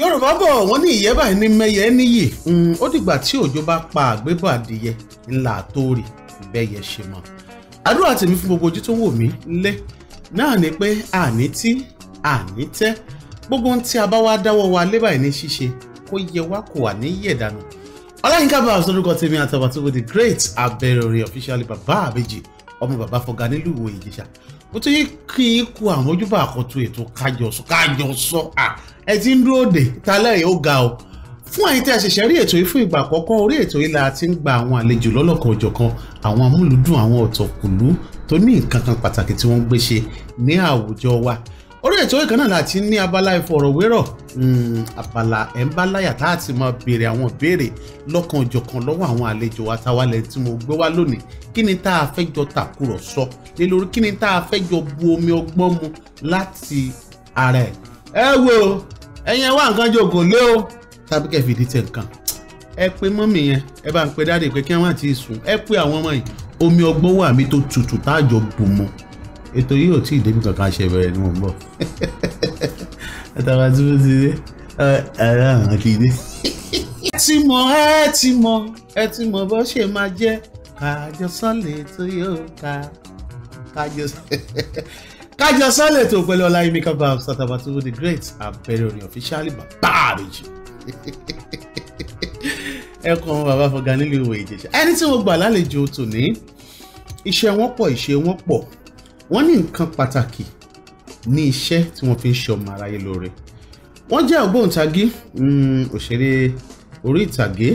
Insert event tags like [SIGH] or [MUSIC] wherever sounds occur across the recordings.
yorùbá bọ̀ wọ́n ní ìyẹ́ báyìí ní mẹ́yẹ níyì hmm, ó dìgbà tí òjò bá pa àgbébọ̀ adìyẹ ńlá tó rì bẹ́yẹ ṣe mọ́ àdúrà tèmi fún gbogbo ojú tó wò mí lé náà ni pé àní tí àní tẹ́ gbogbo ohun tí a bá wá dáwọ́ wa lé báyìí ní ṣíṣe kó yẹ wá kó wà ní yẹ̀ dànù ọláyínká bá àsọdúnkọ tèmi àtàbàtúbú the great abẹ́rẹ́ orin officially Baba àbèjì ọmọ Baba fọgá nílùú ìjẹ̀ṣà mo ti kí i ku àwọn ojúbà àkọ́tù ètò kájọsọ kájọsọ à ẹ ti ń dúró dè tálẹ̀ ó ga o fún àyín tí a ṣẹ̀ṣẹ̀ rí ètò yìí fún ìgbà àkọ́kọ́ orí ètò yìí la ti ń gba àwọn àlejò lọ́lọ́kan òjọ̀kan àwọn amúlùdùn àwọn ọ̀tọ̀kùlú tó ní nǹkan kan pàtàkì tí wọ́n gbé ṣe ní àwùjọ wa orí ètò ìkànnà láti ní abala ìfọ̀rọ̀wérọ̀ hmm, abala ẹ̀ ń bá láyà tá a ti máa béèrè àwọn ìbéèrè lọ́kan òjọ̀kan lọ́wọ́ àwọn àlejò àtàwálẹ̀ tí mo gbé wá lónìí kí ni tá a fẹ́ jọ tàkúrọ̀sọ lé lórí kí ni tá a fẹ́ jọ bu omi ọgbọ́n mu láti ara ẹ̀. ẹ wo ẹyin wá nǹkan jòkó lé o tàbí kẹ́ fìdí tẹ̀ nǹkan ẹ pé mọ́mì yẹn ẹ bá ń pe dáre pé kí wọ́n ti sùn ẹ pé àwọn ọmọ yìí omi ọgbọ́n wà mí tó tutù táàjọ bù mọ́ ètò yìí ò tí ì débi kankan ṣe bẹ̀rẹ̀ ni mò ń bọ̀ àtàwọn tí mo ti dé ara àwọn ti dé. ẹ ti mọ̀ ẹ ti mọ̀ ẹ ti mọ̀ bó ṣe máa jẹ́ kájọsán lè tó yóò ká kájọsán [LAUGHS] kájọsán lè tó pẹ̀lú ọláyẹmí kábàámu Àtàbàtúbú the great abẹ́rẹ́ orin officially bàbá àbèjì ẹ kọ ọmọ bàbá fọgá nílùú ìwé ìjẹsà ẹni tí mo gbà lálejò tòní iṣẹ́ wọn pọ̀ ìṣe wọn pọ̀ wọ́n ní nǹkan pàtàkì ní iṣẹ́ tí wọ́n fi ń ṣe ọmọ aráyé lóore wọ́n jẹ́ ògbóǹtagí mm, òṣèré orí ìtàgé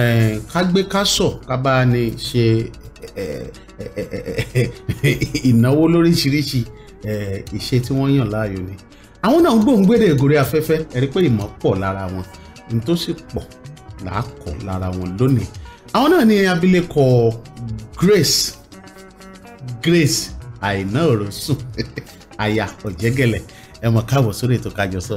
eh, kágbé kásọ̀ kábà ní ṣe eh, eh, ìnáwó lóríṣiríṣi ìṣe tí wọ́n yàn láàyò ni àwọn náà ń gbòǹgbèrè ìgòrè afẹ́fẹ́ ẹ̀rí pé ìmọ̀ pọ̀ lára wọn ní tó sì pọ̀ làákọ̀ lára wọn lónìí àwọn náà ni abilékọ Grace Grace àìná òrò sùn àyà [LAUGHS] ọ̀jẹ̀gẹ̀lẹ̀ ẹ mọ̀ káàbọ̀ sórí ètò Kájọsọ.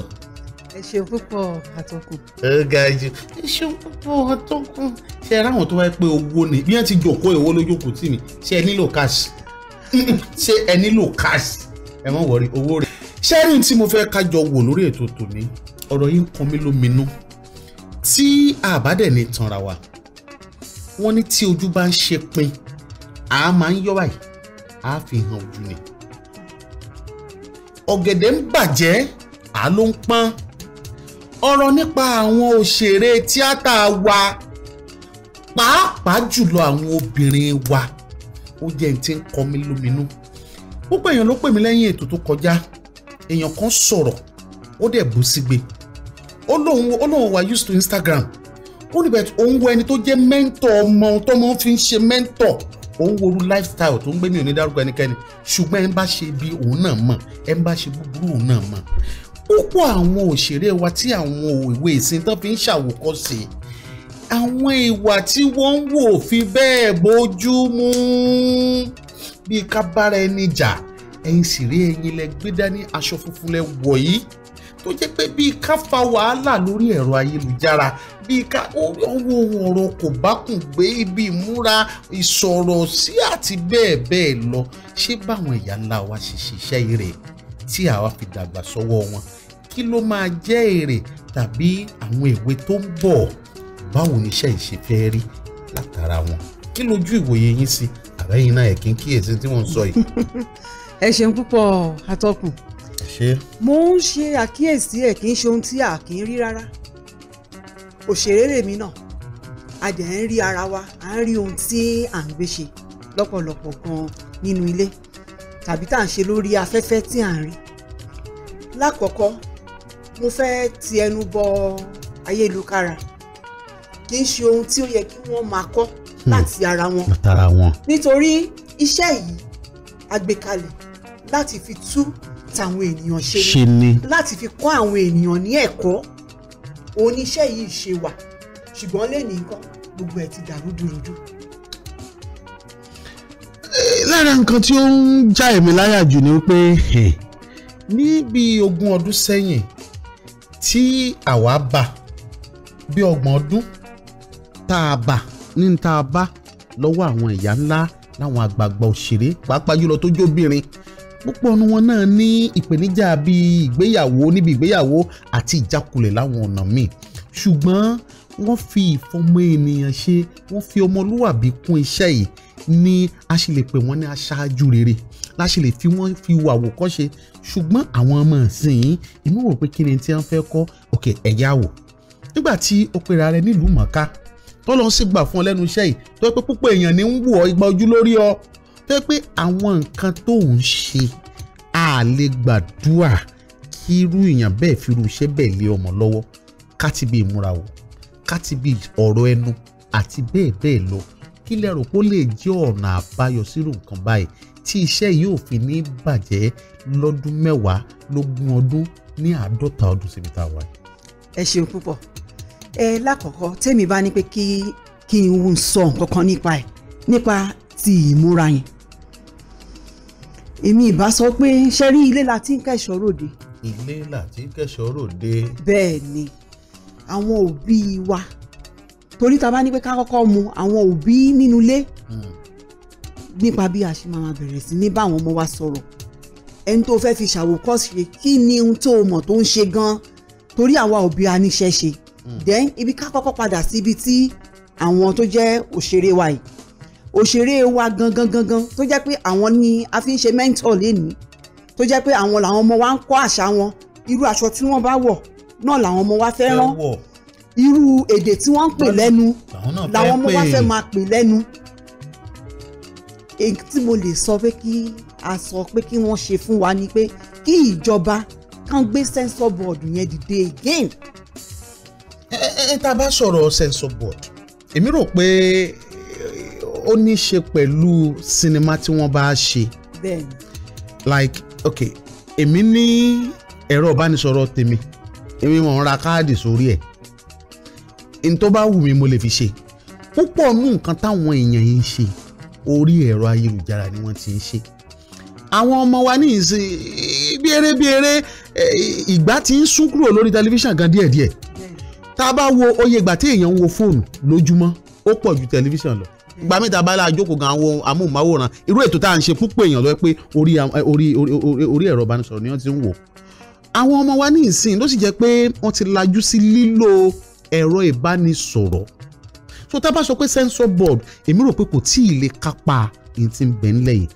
ẹ ṣeun púpọ̀ àtọkùn. ẹ ga jù ẹ ṣeun púpọ̀ àtọkùn. ṣe ráwọn tó wáyé pé owó ni bí wọn ti jòkó ìwọ lójókòó tì mí ṣe ẹ nílò káàsì [LAUGHS] ṣe ẹ nílò káàsì ẹ mọ̀ wọrí owó rẹ̀. sẹ́rìn tí mo fẹ́ kájọ wò lórí ètò tòní ọ̀rọ̀ yìí ń kan mí lóminú tí àbádẹ́ ni tanra wa wọ́n ní tí ojú bá ń ṣe pin àá máa ń yọ báyìí á fi hàn ojú ni. ọ̀gẹ̀dẹ̀ ń bàjẹ́ à ló ń pọ́n ọ̀rọ̀ nípa àwọn òṣèré tíátà wa pàápàá jùlọ àwọn obìnrin wa ó jẹ́ ní ti ń kọ mí lóminú púpọ̀ èèyàn ló pè mí lẹ́yìn ètò tó kọjá èèyàn kan sọ̀rọ̀ ó dẹ̀ bú sígbe ó lóun ó lóun wà used to Instagram ó níbẹ̀ òun wo ẹni tó jẹ́ mẹ́ńtọ̀ ọmọ tó mọ́ fi ń ṣe mẹ́ńtọ̀ ó ń worú lifestyle tó ń gbé mi ò ní dárúkọ ẹnikẹ́ni ṣùgbọ́n ẹ ń bá ṣe bí òun náà mọ̀ ẹ ń bá ṣe búburú òun náà mọ̀ púpọ̀ àwọn òṣèré wa tí àwọn ìwé ìsìn tán fi ń ṣàwòkọ́ṣe àwọn ìwà tí wọ́n ń wò fi bẹ́ẹ̀ bójú mú bíi ká bára ẹni jà ẹ̀yin sì rí ẹ̀yin lẹ gbé dání aṣọ funfun lẹ wọ̀ yìí tó jẹ́ pé bíi ká fa wàhálà lórí ẹ̀rọ ayélujára bíi ká owó ọ̀rọ̀ kò bá kùn gbé ibi ìmúra ìsọ̀rọ̀ sí àti bẹ́ẹ̀ bẹ́ẹ̀ lọ ṣé báwọn ẹ̀yà ńlá wa ṣe ṣiṣẹ́ ire tí àwa fi dàgbà sọ́wọ́ wọn kí ló máa jẹ́ èrè tàbí àwọn èwe tó ń bọ̀ báwo ni iṣẹ́ ìṣe fẹ́ rí látara wọn kí lójú ìwòye yín sí àbẹ́yìn náà ẹ̀ kí n kíyèsí tí wọ́n ń sọ yìí. [LAUGHS] ẹ ṣeun púpọ̀ atọ́kùn ṣe. mo ń ṣe àkíyèsí ẹ kì í ṣe ohun tí a kì í rí rárá òṣèré lèmi náà a dẹ̀ ń rí ara wa à ń rí ohun tí à ń gbé ṣe lọ́pọ̀lọpọ̀ gan nínú ilé tàbí tá à ń ṣe lórí afẹ́fẹ́ tí à ń rí lákọ̀ọ́kọ́ mo fẹ́ ti ẹnu bọ ayélujára kì í ṣe ohun tí ó yẹ kí wọ́n máa kọ́ hmm. láti ara wọn nítorí iṣẹ́ yìí àgbékalẹ̀ láti fi tú tàwọn ènìyàn ṣe ni láti fi kọ́ àwọn ènìyàn ní ẹ̀kọ́ oníṣẹ́ yìí ṣe wà ṣùgbọ́n lẹ́nu nǹkan gbogbo ẹ̀ ti dàrú dúrúdú. lára nǹkan tí ó ń já èmi láyà jù ni pé ní bíi ogún ọdún sẹ́yìn tí àwa bá bí ọgbọ̀n ọdún tá a bá ní tá a bá lọ́wọ́ àwọn ìyá ńlá láwọn àgbààgbà òṣèré pàápàá jùlọ tó jóbìnrin púpọ̀ nu wọn náà ní ìpèníjà bíi ìgbéyàwó níbi ìgbéyàwó àti ìjákulẹ̀ láwọn ọ̀nà míì ṣùgbọ́n wọ́n fi ìfọmọ ènìyàn ṣe wọ́n fi ọmọlúwàbí kún iṣẹ́ yìí ni a ṣe lè pè wọ́n ní aṣáájú rere la ṣe lè fi wọ́n fi wo àwòkọ́ṣe ṣùgbọ́n àwọn ọmọ ìsìn inú wò pé kí ni tí wọ́n fẹ́ kọ́ òkè ẹ̀yà wò nígbà tí o pera rẹ nílùú mọ̀ká tọ́lọ́ sì gbà fún ọ lẹ́nu iṣẹ́ yìí tó pé púpọ̀ èèyàn ní ń wò ọ igba ojú lórí ọ tó pé àwọn nǹkan tó ń ṣe a lè gbàdúrà kí irú èèyàn bẹ́ẹ̀ fi irú iṣẹ́ bẹ́ẹ̀ lé ọmọ lọ́wọ́ ká ti bí ìmúra wò ká ti bí ọ̀rọ̀ ẹnu àti bẹ́ẹ̀ bẹ́ẹ̀ lọ kí lẹ rò pé ó lè jẹ́ ọ̀nà àbáyọ sírú nǹkan báyìí tí iṣẹ́ yìí ò fi ní bàjẹ́ lọ́dún mẹ́wàá lógún ọdún ní àádọ́ta ọdún síbi tá a wà. ẹ ṣeun púpọ̀ ẹ lákọ̀ọ́kọ́ tèmi bá ní pé kí kí n sọ nǹkan kan nípa ẹ̀ nípa ti ìmúra yẹn èmi ìbá sọ pé ṣe rí ilé la ti ń kẹ́ṣọ́ ròde. ilé la ti ń kẹ́ṣọ́ ròde. bẹ́ẹ̀ ni àwọn òbí wa torí ta bá ní pé ká kọ́kọ́ mu àwọn òbí nínú ilé hmm. nípa bí a ṣe máa bẹ̀rẹ̀ sí ní bá àwọn ọmọ wa sọ̀rọ̀ ẹni tó fẹ́ fi ṣàwòkọ́ṣe kí ni ohun tó mọ̀ tó ń ṣe gan-an torí àwa òbí aníṣẹ́ ṣe hmm. then ibi ká kọ́kọ́ padà sí ibi tí àwọn tó jẹ́ òṣèré wa yìí òṣèré wa gangan gangan tó jẹ́ pé àwọn ni a fi ń ṣe mentor lénìí tó jẹ́ pé àwọn làwọn ọmọ wa ń kọ́ àṣà wọn irú aṣọ tí wọ́n bá wọ̀ náà làwọn ọmọ wa fẹ́ rán irú èdè tí wọ́n ń pè lẹ́nu làwọn ọmọ wa fẹ́ máa pè lẹ́nu èyí tí mo lè sọ pé kí a sọ pé kí wọ́n ṣe fún wa ni pé kí ìjọba kan gbé censor board yẹn dìde again. ẹ ẹ tá bá sọ̀rọ̀ censor board èmi rò pé ó ní í ṣe pẹ̀lú sinimá tí wọ́n bá ṣe. like okay èmi ní ẹ̀rọ ìbánisọ̀rọ̀ tèmi èmi mọ̀ ń ra káàdì sórí ẹ̀ n tó bá wù mí mo lè fi ṣe púpọ̀ nù nǹkan táwọn èèyàn yìí ń ṣe orí ẹ̀rọ ayélujára ni wọ́n ti ń ṣe àwọn ọmọ wa ní ìsìn bíerebíere ìgbà tí ń sún kúrò lórí tẹlifíṣàn gan díẹ̀díẹ̀ tá a bá wo oye ìgbà tí èèyàn ń wo fóònù lójúmọ́ ó pọ̀ ju tẹlifíṣàn lọ gba mẹ́ta báyìí àjókòó gan àwọn amóhùnmáwòrán irú ètò tá à ṣe púpọ̀ èèyàn lọ pé orí orí orí ẹ̀rọ ìbánisọ̀rọ̀ ni wọ́n ti ń wò àwọn ọmọ wa ní ìsìn ló sì jẹ́ pé wọ́n ti lajú sí lílo ẹ̀rọ ìbánisọ̀rọ̀ so tá a bá sọ pé sensor board èmi rò pé kò tí ì lè kápá ní ti ń bẹ̀ ńlẹ̀ yìí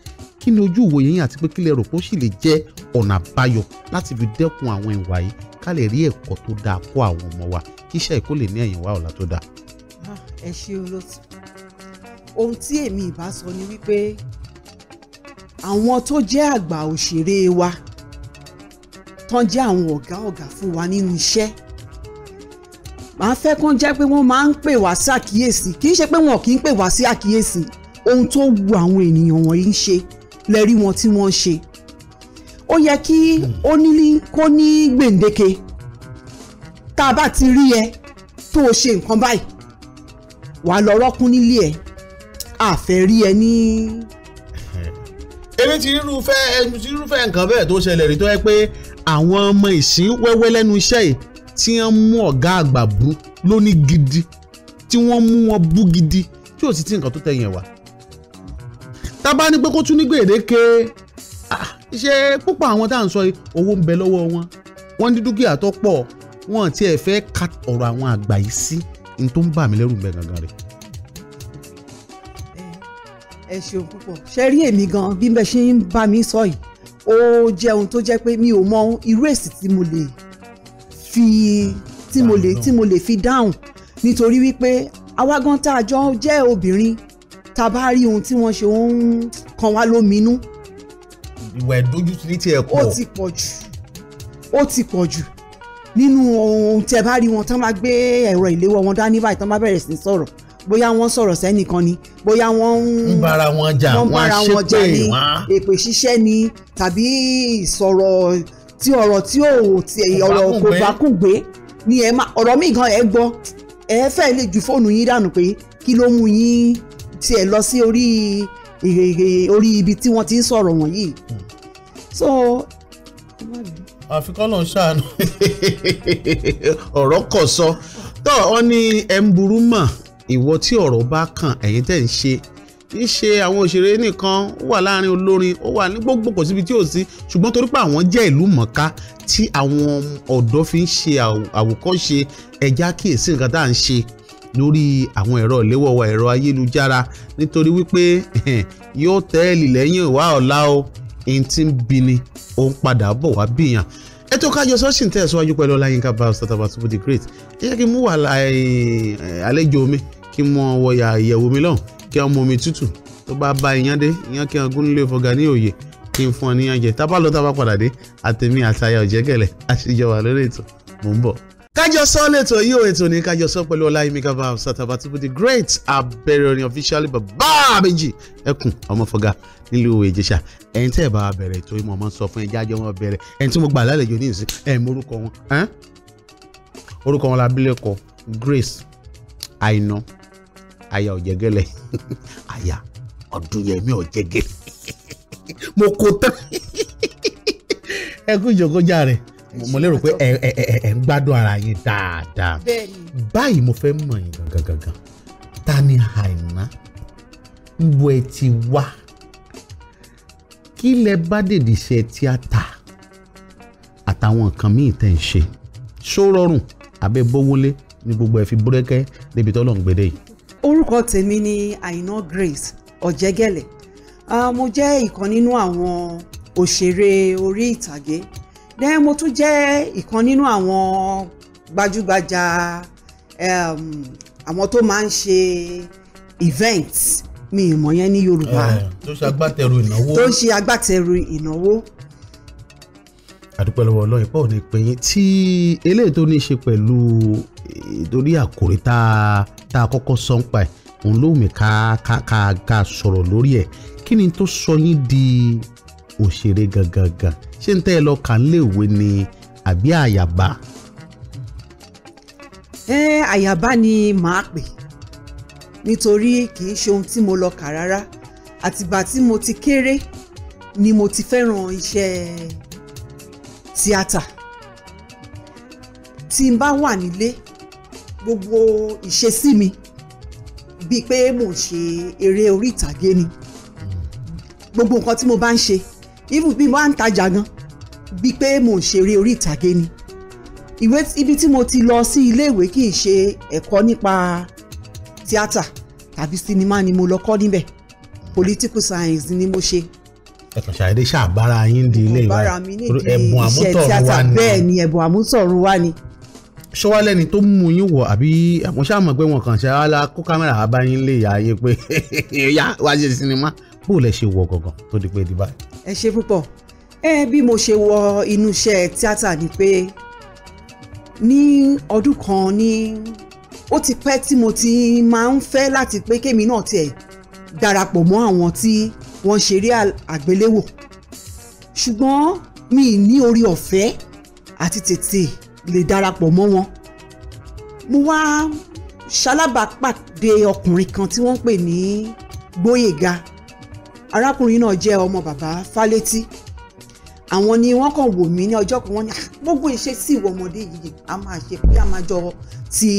kí ni ojú ìwòye yín àti pé kí lè rò pé sì lè jẹ́ ọ̀nà àbáyọ láti fi dẹ́kun àwọn ìwà yìí ká lè rí ẹ̀kọ́ tó dáa kó àwọn ọmọ wa kí iṣẹ́ ìkó lè ní ẹ̀yìn wá ọ̀la tó dáa. Ah, ẹ ṣe olóòtú ohun tí èmi ìbá sọ ni wípé àwọn tó jẹ́ àgbà òṣèré wa tán jẹ́ àwọn ọ̀gá ọ̀gá fún wa nínú iṣẹ́ màá fẹ́ kán jẹ́ pé wọ́n máa ń pè wá sí àkíyèsí kì í ṣe pé wọn kì í pè wá sí àkíyèsí ohun tó wu àwọn ènìyàn wọ̀nyí ń ṣe lẹ́rí wọn tí wọ́n ń ṣe ó yẹ kí ó ní kó ní gbèǹdéke tá a bá ti rí ẹ tó o ṣe nǹkan báyìí wàá lọ rọ́kún nílé ẹ̀ àfẹ́rí ẹ ní. èmi ti rírúfẹ́ èmi ti rírúfẹ́ nǹkan bẹ́ẹ̀ tó ṣẹlẹ̀ rí tó yẹ pé àwọn ọmọ ìsín wẹ́wẹ́ lẹ́nu iṣẹ́ yìí tí wọ́n mú ọ̀gá àgbà bú lóní gidi tí wọ́n mú wọn bú gidi tí ò sì ti nǹkan tó tẹ̀yìn wá. tá bá ní pé kó tún ní gbèdéke ṣe púpọ̀ àwọn tá à ń sọ yìí owó ń bẹ lọ́wọ́ wọn wọ́n ní dúkìá tó pọ̀ wọn àti ẹ̀fẹ́ ka ọ̀rọ̀ àwọn àgbà yìí sí ní tó ń bà mí lẹ́rù bẹ́ẹ̀ gangan rẹ̀ ẹ ṣeun púpọ̀ ṣe rí èmi gan bí mo ṣe ń bá mi sọ yìí ó jẹ́ ohun tó jẹ́ pé mi ò mọ irú èsì tí mo lè fi tí mo lè tí mo lè fi dáhùn nítorí wípé awágán tá a jọ jẹ́ obìnrin tá a bá rí ohun tí wọ́n ṣe ó ń kan wá lóminú. ìwà ìdójú ti ní tiẹ̀ pọ̀. ó ti pọ̀ jù ó ti pọ̀ jù nínú ohun tí ẹ bá rí wọn tán máa gbé ẹ̀rọ ìléwọ́ wọn dání báyìí tán máa bẹ̀rẹ̀ sí sọ̀rọ̀ bóyá wọ́n sọ̀rọ̀ sẹ́nìkan ni bóyá wọ́n ń bára wọn jà wọ́n ṣépè ni èpè ṣíṣẹ́ ni tàbí ìsọ̀rọ̀ tí ọ̀rọ̀ tí ò ọ̀rọ̀ kò bá kùn gbé ni ẹ má ọ̀rọ̀ míì gan ẹ gbọ́ ẹ fẹ́ lè ju fóònù yín dànù pé kí ló mú yín tiẹ̀ lọ sí orí orí ibi tí wọ́n ti ń sọ̀rọ̀ wọ̀nyí so àfikọ́ náà ṣàánú [LAUGHS] ọ̀rọ̀ kọ̀ sọ tó ọ ní ẹ̀ ń burú mọ̀ ìwọ tí ọ̀rọ̀ bá kàn ẹ̀yin tẹ̀ ń ṣe ń ṣe àwọn òṣèré nìkan ó wà láàrin olórin ó wà ní gbogbo kò síbi tí ò sí ṣùgbọ́n torí pé àwọn jẹ́ ìlú mọ̀ọ́ká tí àwọn ọ̀dọ́ fi ń ṣe àwòkọ́ṣe ẹja kíyèsí nǹkan tá à ń ṣe lórí àwọn ẹ̀rọ ìléwọ́ wa ẹ̀rọ ayélujára nítorí wípé yóò tẹ́ẹ̀lì lẹ́yìn ìwà ọ̀la o èyí tí ń bi ni ó ń padà bọ̀ wá bìyàn ètò Ká Jọ ń tẹ̀síwájú pẹ̀lú Ọláyínká Báyọ̀ Ọ̀tàbàtúbú the great ẹ jẹ́ kí n mú wàhálà àlejò mi kí n mọ wọ̀yà ìyẹ̀wò mi lọ́hùn kí n mọ omi tútù tó bá bá iyán dé iyán kí n gún nílé ìfọ̀gà ní òye kí n fún ọ níyàn jẹ tábà lọ tábà padà dé àtẹ̀mí àtayà ọ̀jẹ̀gẹ̀lẹ̀ àṣejọba lórí ètò mò ń bọ̀. Kájọsọ lẹ́tọ̀ yìí ètò ní Kájọsọ pẹ̀lú Ọláyímíkà Bamsa Àtàbàtúbú the great abẹ́rẹ́ orin officially bàbá méjì ẹkùn ọmọfọ́gá nílùú Ìjẹ̀ṣà ẹ̀yin tẹ́ ẹ̀ bá bẹ̀rẹ̀ ètò ìmọ̀ ọmọ sọ fún ẹja àjọ wọn bẹ̀rẹ̀ ẹni tí mo gbà lálejò ní ìsìn ẹ̀ mọ orúkọ wọn orúkọ wọn lábílẹ̀ kọ Grace Àìná aya ọ̀jẹ̀gẹ̀lẹ̀ [LAUGHS] aya ọ̀dúnyẹmí ọ̀jẹ̀gẹ̀lẹ̀ [LAUGHS] mo kó tán [LAUGHS] ẹ kú ìjókòó jàre mo lérò pé ẹ ẹ ẹ ń gbádùn ara yín dáadáa báyìí mo fẹ́ mọ̀ yín gangan gangan ta ni àìná ń bo ẹ ti wá kí lẹ bá dèdè ṣe tíátà àtàwọn nǹkan míì tẹ̀ ń ṣe ṣó rọrùn abẹ́ bówólé ní gbogbo ẹ̀ fi búrẹ́kẹ́ débi tọ́lọ́ ń gbédè yìí orúkọ tèmi ni àìná grace ọ̀jẹ̀gẹ̀lẹ̀ mo jẹ́ ìkan nínú àwọn òṣèré orí ìtàgé then mo tún jẹ́ ìkan nínú àwọn gbajúgbajà àwọn tó máa ń ṣe events mi ìmọ̀ yẹn ní yorùbá eh, tó ṣe agbátẹrù ìnáwó tó ṣe agbátẹrù ìnáwó àdúpẹ́ lọ́wọ́ ọlọ́run ìpá òní pé yín tí eléyìí tó ní í ṣe pẹ̀lú eh, torí àkòrí tá a kọ́kọ́ sọ ń pa ẹ̀ òun ló mi ká ká ká sọ̀rọ̀ lórí ẹ̀ kí ni tó sọ yín di òṣèré gangan ṣé ń tẹ́ ẹ lọ kà ń léèwé ni àbí àyàbá. ẹ àyàbá ni màá pè nítorí kì í ṣe ohun tí mo lọ kà rárá àtìgbà tí mo ti kéré ni mo ti fẹ́ràn iṣẹ́ tíátà tí n bá wà nílé gbogbo ìṣesí mi bíi pé mò ń ṣe eré orí ìtàgé ni gbogbo nǹkan tí mo bá ń ṣe even bí mo bá ń tajà gan bíi pé mò ń ṣe eré orí ìtàgé ni ìwé ibi tí mo ti lọ sí iléèwé kì í ṣe ẹ̀kọ́ nípa tíátà tàbí sinimá ni mo lọ kọ́ níbẹ̀ political science ni mo ṣe ẹ̀kan ṣàdédé ṣàbára yín di ilé ìwà ẹ̀bùn àmútọ̀run wa ni bẹ́ẹ̀ ni ẹ̀bùn àmútọ̀run wa ni. ṣọwálẹ́ ni tó mú yín wọ̀ àbí àwọn ṣáàmù pé wọn kàn ṣe ala kó kámẹ́rà abáyín lè yá yín pé [LAUGHS] yá wá ṣe sinimá bó lẹ ṣe wọ̀ gangan tó di pé di báyìí. ẹ ṣe púpọ̀ ẹ bí mo ṣe wọ inú iṣẹ́ tíátà ni pé ní ọdún kan ní ó ti pẹ́ tí mo ti máa ń fẹ́ láti pé kémi náà tiẹ̀ darapọ̀ mọ́ àwọn tí wọ́n ń ṣeré àgbéléwò ṣùgbọ́n mi ì ní orí ọ̀fẹ́ àti tètè lè darapọ̀ mọ́ wọn mo wá ṣalábàápàdé ọkùnrin kan tí wọ́n ń pè ní Gbóyèga arákùnrin náà jẹ́ ọmọ bàbá Fálétí àwọn ni wọ́n kàn wò mí ní ọjọ́ kan wọ́n ní ah, gbogbo ìṣesí ìwọ ọmọdé yìí a máa ṣe pé a máa jọ ti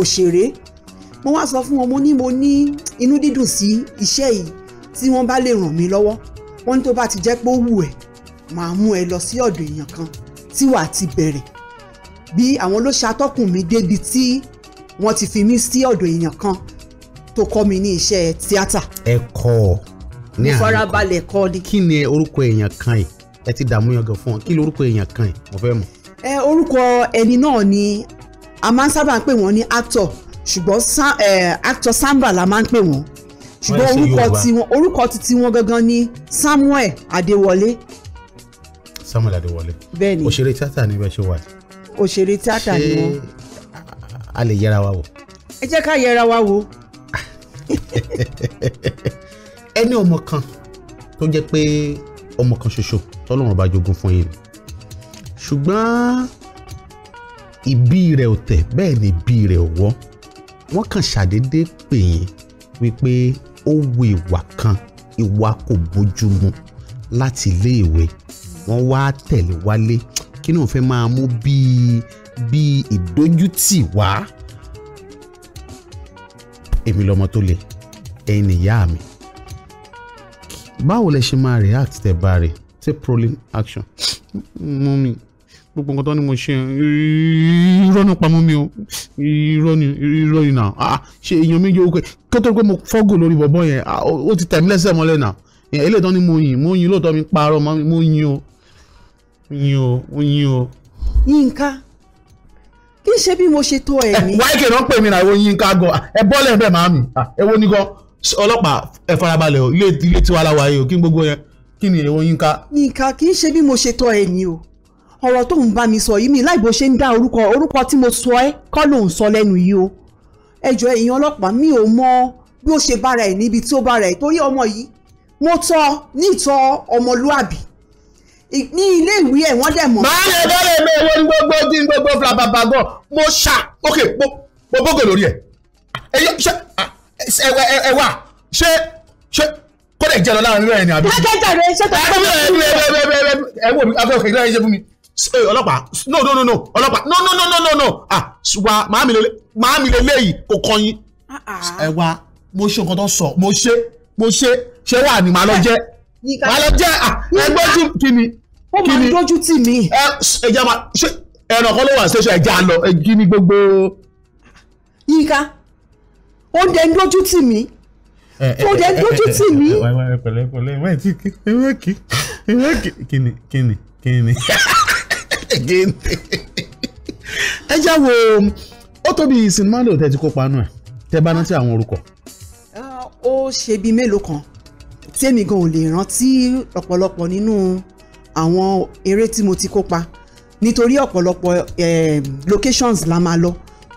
òṣèré mo wá sọ fún wọn mo ní mo ní inú dídùn sí iṣẹ́ yìí tí wọ́n bá lè ràn mí lọ́wọ́ wọ́n ní tó bá ti jẹ́ pé ó wù ẹ́ màá mú ẹ lọ sí ọ̀dọ̀ èèyàn kan tí wàá ti bẹ̀rẹ̀ bí àwọn ló ṣàtọ́kùn mi débi tí wọ́n ti fi mí sí ọ̀dọ̀ èèyàn kan tó kọ́ mi ní iṣẹ́ tíátà. ẹ kọ́ ní àná ìfarabalẹ̀ kọ́ ni. kí ni orúkọ èèyàn kan yìí ẹ ti dààmú yàn gan fún wọn kí ni orúkọ èèyàn kan yìí mo fẹ́ mọ̀. ẹ orúkọ ẹni náà ni a máa ń sábà pè wọ́n ní actor ṣùgbọ́n actor samba la máa ń pè wọ́n ṣùgbọ́n orúkọ tiwọn orúkọ titi wọn gangan ni Samuel Adéwọlé. Samuel Adéwọlé bẹ́ẹ̀ni òṣèré tíátà ni bẹ́ẹ̀ ṣe wà. òṣèré tíátà ni wọn. ṣé a lè yẹra wa wò. ẹ jẹ́ ká yẹra wa wò. [LAUGHS] ẹni ọmọ kan tó jẹ́ pé ọmọ kan ṣoṣo tọ́lọ́run bá jogún fún yín ṣùgbọ́n ìbí rẹ̀ ò tẹ̀ bẹ́ẹ̀ ni ìbí rẹ̀ ò wọ́ wọ́n kàn ṣàdédé pè yín wípé ó wu ìwà kan ìwà kò bójúmu láti iléèwé wọ́n wá tẹ̀lé wálé kí ni òun fẹ́ máa mú bíi bíi ìdójútì wá èmi lọmọ tó le ẹ̀yin nìyá mi báwo lẹ ṣe máa react tẹ bá rè take prolin action mú mi gbogbo nǹkan tó ní mo ṣe irọ́ nípa mú mi o irọ́ ni irọ́ ni nà ah, ṣe èèyàn méjì ó kẹ́ kó tó pé mo fọ́gò lórí bọ̀bọ̀ yẹn ó ti tẹ̀ mí lẹ́sẹ̀ mọ́lẹ̀ náà eléyìí tán ni mo yìn mo yìn lóòótọ́ mi parọ́ mo yìn o yìn o mo yìn o. Yínká kì í ṣe bí mo ṣe tó ẹ ní. wáìkì náà pè mí náà ìwọ Yínká gan ah, ẹ bọ́lẹ̀ bẹ́ẹ̀ máa mi ẹ ah, wo ní gan ọlọ́pàá ẹ farabalẹ̀ o ilé tiwa la wà o kí n gbogbo yẹn kí ni ìwọ Yínká. Yínká kì í ṣe bí mo ṣe tó ẹ ní o ọ̀rọ̀ tó ń bá mi sọ yìí mi láì bó ṣe ń dá orúkọ orúkọ tí mo sọ ẹ́ kọ́ ló ń sọ lẹ́nu yìí o ẹjọ́ ẹ̀yin ọlọ́pàá mi ò mọ bí ó ṣe bára ẹ̀ níbi tí ó bára ẹ̀ torí ọmọ yìí mo tọ́ ní ìtọ́ ọmọlúàbí ní ilé ìwé ẹ̀ wọ́n dẹ̀ mọ̀. máa lè bẹ́ẹ̀ mi èwo ni gbogbo dín gbogbo flababa gan mo ṣá ok mo bógo lórí ẹ̀ ẹ wà ṣe ṣe kó lè láàrin rẹ̀ ni àbí. ẹ jẹ́ jàre ṣètò ẹgbẹ́ mi. ẹ wò mí akọ́kọ́ ìlànà ìṣẹ́ fún mi ọlọ́pàá no no no no ọlọ́pàá no no no no no no ah wa màámi lè màámi lè léyìí kò kọyin ẹ wa mo ṣe nǹkan tó sọ mo ṣe mo ṣe ṣé wà ní màá lọ jẹ màá lọ jẹ ah ẹgbẹ́ ojú kí ni kí ni ó máa dójú tì mí. ẹ ẹ jẹ́ máa ṣe ẹ̀ràn kan ló wà ṣẹṣẹ ẹ̀jẹ̀ àlọ́ ẹ̀gí ní gbogbo. yíká ó dẹ ń dójú tì mí ó dẹ ń dójú tì mí. pẹ̀lẹ́ pẹ̀lẹ́ wẹ́ẹ̀ tí ewé kí ewé kí kí ni kí ni kí ni again [LAUGHS] ẹ já wo ó tóbi sinimá lò tẹ́ ti kópa nù ẹ̀ tẹ́ bá rántí àwọn orúkọ. ó ṣe bíi mélòó kan tèmi gan ò lè rántí ọ̀pọ̀lọpọ̀ nínú àwọn eré tí mo ti kópa nítorí ọ̀pọ̀lọpọ̀ locations la máa lọ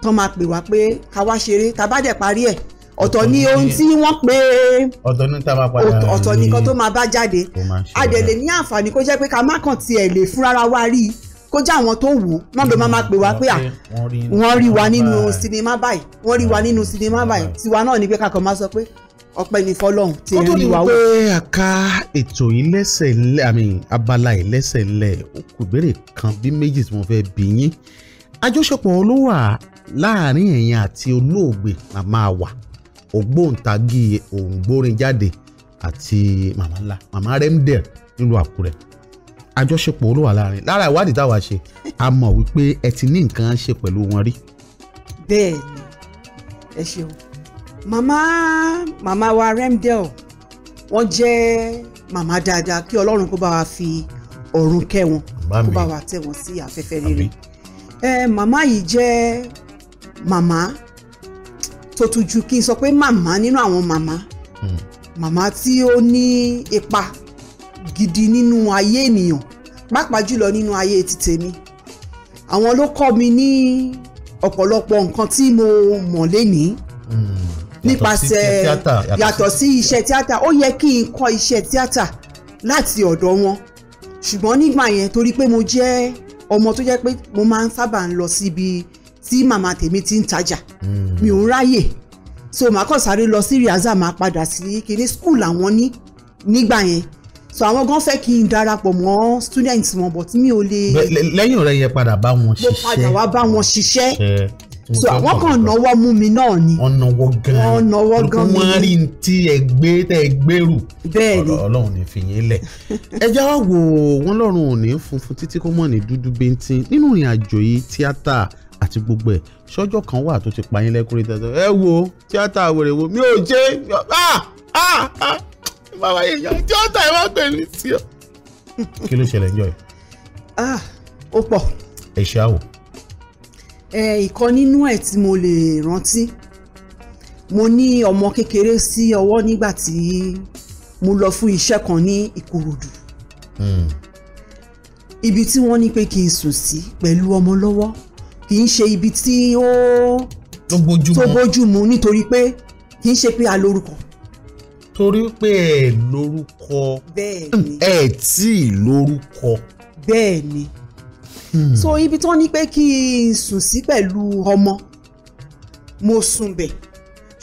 tán máa pè wá pé ká wá ṣeré tá bá dẹ̀ parí ẹ̀ ọ̀tọ̀ ni ohun tí wọ́n pè é ọ̀tọ̀ ni tá a máa padà ọ̀tọ̀ nìkan tó máa bá jáde a dẹ̀ lè ní àǹfààní kó jẹ́ pé ká má kàn tiẹ̀ lè fúnra wa rí i kó jẹ́ àwọn tó wò ó náà ló máa máa pè wá pé à wọ́n rí wa nínú sinimá báyìí wọ́n rí wa nínú sinimá báyìí tiwa náà ni pé kakọ̀ máa sọ pé ọpẹ́ ní fọ́lọ́run tí ẹ rí wa wò. ó tó ní pé àka ètò yìí lẹ́sẹ̀ lẹ́ àmì abala yìí lẹ́sẹ̀ lẹ́ ó kù béèrè kan bí méjì tí mo fẹ́ bí yín àjọṣepọ̀ ló wà láàrin ẹ̀yin àti olóògbé màmá wa ògbóǹtagì òǹgbórin jáde àti màmá ńlá màmá Remdel nílùú Àkúrẹ́ àjọṣepọ̀ olówà láàrin lára ìwádìí táwa ṣe a mọ̀ wípé ẹ ti ní nǹkan ṣe pẹ̀lú wọn rí. bẹ́ẹ̀ni ẹ ṣeun màmá màmá wa Remdel wọ́n jẹ́ màmá dáadáa kí Ọlọ́run kó bá wa fi ọ̀run kẹ́ wọn kó bá wa tẹ́ wọn sí afẹ́fẹ́ rere ẹ màmá yìí jẹ́ màmá tó tún ju kí n sọ pé màmá nínú àwọn màmá hmm. màmá tí ó ní ipa gidi nínú ayé ènìyàn pàápàá jùlọ nínú ayé ti tèmi àwọn ló kọ́ mi ní ọ̀pọ̀lọpọ̀ nǹkan tí mo mọ̀ lénìí hmm. nípasẹ̀ yàtọ̀ sí iṣẹ́ tíátà ó yẹ kí n kọ́ iṣẹ́ tíátà láti ọ̀dọ̀ wọn ṣùgbọ́n nígbà yẹn torí pé mo jẹ́ ọmọ tó jẹ́ pé mo máa ń sábà ń lọ síbi tí màmá tèmi ti ń tajà hmm. mi ò ń ráyè so màá kàn sáré lọ sí rìazà máa padà sí kíní skul àwọn ní nígbà yẹn so àwọn gan fẹ́ kí n darapọ̀ mọ́ students wọn but mi ò lè. lẹ́yìn ọ̀rẹ́ yẹn padà bá wọn ṣiṣẹ́ mo padà wá bá wọn ṣiṣẹ́ so àwọn kan náwó mú mi náà ni. wọ́n náwó gan wọ́n náwó gan mi ni. wọ́n rí ti ẹgbẹ́ tẹ ẹgbẹ́rù. bẹ́ẹ̀ni Ọlọ́run ní fi yín lẹ̀. ẹ já wá wò wọ́n lọ́rùn ò ní funfun títí kó mọ̀ ní dúdú bíntín nínú ìrìn àjò yìí tíátà àti gbogbo ẹ̀ sọ́jọ́ kan wà tó ti pa yín lẹ́kùnrin tẹ̀sán ẹ wo tíátà wèrè wo mi ò jẹ́ ah ah ah bàbá yẹn yà tí ó ta ẹ wá pè ní tí ó. kí ló ṣẹlẹ̀ níjọ́ yìí. ah ó pọ̀. ẹ ṣe àwò. ẹ ìkan nínú ẹ̀ tí mo lè rántí mo ní ọmọ kékeré sí ọwọ́ nígbà tí mo lọ fún iṣẹ́ kan ní Ìkòròdú. Hmm. ibi tí wọ́n ní pé kí n sùn sí pẹ̀lú ọmọ lọ́wọ́ kì í ṣe ibi tí ó tó bójúmu nítorí pé kì í ṣe pé a lórúkọ torí pé ẹ lórúkọ ẹ tí ì lórúkọ. bẹ́ẹ̀ni hmm. so ibi tó ní pé kí n sùn sí pẹ̀lú ọmọ mo sùn bẹ̀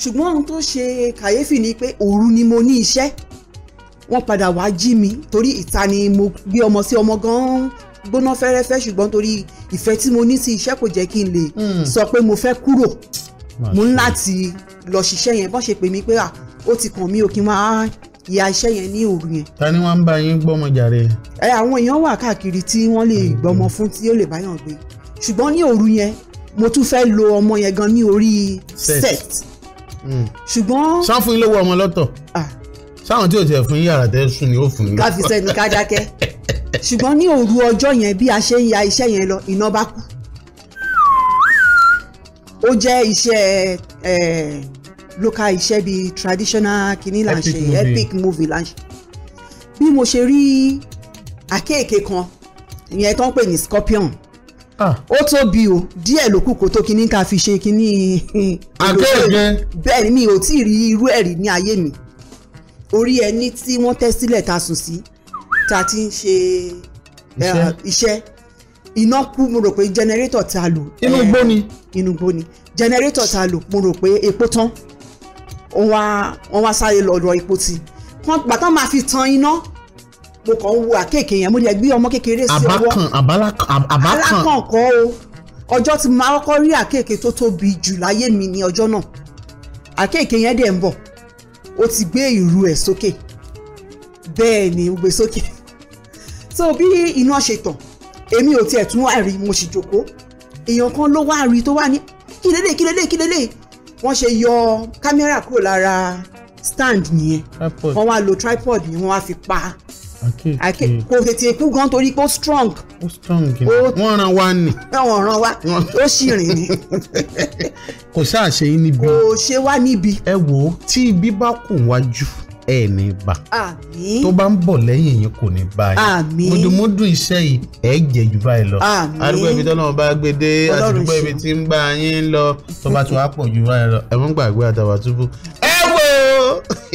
ṣùgbọ́n ohun tó ṣe kàyéfì ni pé òru ni mo ní iṣẹ́ wọ́n padà wá jí mi torí ìta ni mo gbé ọmọ sí ọmọ gan gbóná fẹ́rẹ́fẹ́ ṣùgbọ́n torí ìfẹ́ tí mo ní sí iṣẹ́ kò jẹ́ kí n lè hmm. sọ pé mo fẹ́ kúrò mo ń láti lọ ṣiṣẹ́ yẹn bọ́n ṣe pè mí pé à ó ti kàn mí o kí n máa ya iṣẹ́ yẹn ní òru yẹn. ta ni wọ́n ń bá yín gbọ́mọ jàre. ẹ àwọn èèyàn wà káàkiri tí wọ́n lè gbọ́mọ fún tí ó lè báyàn gbé ṣùgbọ́n ní òru yẹn mo tún fẹ́ lo ọmọ yẹn gan ní orí set. Hmm. ṣùgbọ́n. sá fún ilé wọ ọmọ lọ́tọ̀. sáwọn tí ò tiẹ̀ fún yàrá tẹ́ sùn ni ó fún yín. káfí sẹ́ni ká dákẹ́ [LAUGHS] ṣùgbọ́n ní òru ọjọ́ yẹn bí a ṣe ń ya iṣẹ́ yẹn lọ iná bá kú. ó jẹ́ iṣẹ́ ẹ̀ẹ́ local iṣẹ́ bíi traditional kini là epic movie là ń ṣe bí mo ṣe rí àkéèké kan ìyẹn tó ń pè ní scorpion ah. ó tóbi o díẹ̀ ló kù kó tó kinní ká fi ṣe kinní. àkéèké bẹ́ẹ̀ ni ò tí ì rí irú ẹ̀rí ní ayé mi orí ẹni tí wọ́n tẹ́ sílẹ̀ ta sùn sí ta ti ń ṣe eh, iṣẹ́ iná kú mo rò pé jẹnẹrétọ̀ ta lò. inú igbó eh, ni. inú igbó ni jẹnẹrétọ̀ ta lò mo rò pé epo tán wọ́n wá wọ́n wá sáré lọ rọ epo ti wọ́n gbàtàn máa fi tan iná mo kàn ń wo àkéèké yẹn mo lè gbé ọmọ kékeré sí ọwọ́ àbákan àbákan àbákan kọ́ o ọjọ́ tí mo máa kọ́kọ́ rí àkéèké tó tóbi jù láyé mi ní ọjọ́ náà àkéèké yẹn dẹ̀ ń bọ̀ ó ti gbé ìrù ẹ̀ sókè bẹ́ẹ̀ ni ó gbé sókè so bí iná ṣe tàn èmi ò tiẹ̀ tún wá rí mo sì jókòó èèyàn kan ló wá rí tó wá ní kílélẹ̀ kílélẹ̀ kílélẹ̀ wọ́n ṣe yọ kámẹ́rà kúrò lára stand nìyẹn wọ́n wá lo tripod yẹn wọ́n wá fi pa kò tètè kú gan torí pé ó strong. ó strong ni wọ́n ran wa ni. wọ́n ran wa [LAUGHS] ó sì rìn ni. [LAUGHS] kò sáà ṣe é níbi. kò ṣe wá níbi. ẹ wò ó tí ibi bá kù wájú ẹ ní bá àmín tó bá ń bọ̀ lẹ́yìn yín kò ní bá yín àmín mùdùmùdù iṣẹ́ yìí ẹ jẹ jù báyìí lọ àmín àdúgbò ibi tọ́lọ́mọ bá gbé dé àdúgbò ibi tí ń bá yín lọ tó bá tún wá pọ̀ jù báyìí lọ ẹ mọ́ gbàgbé Àtàbàtúbú ẹ wò ó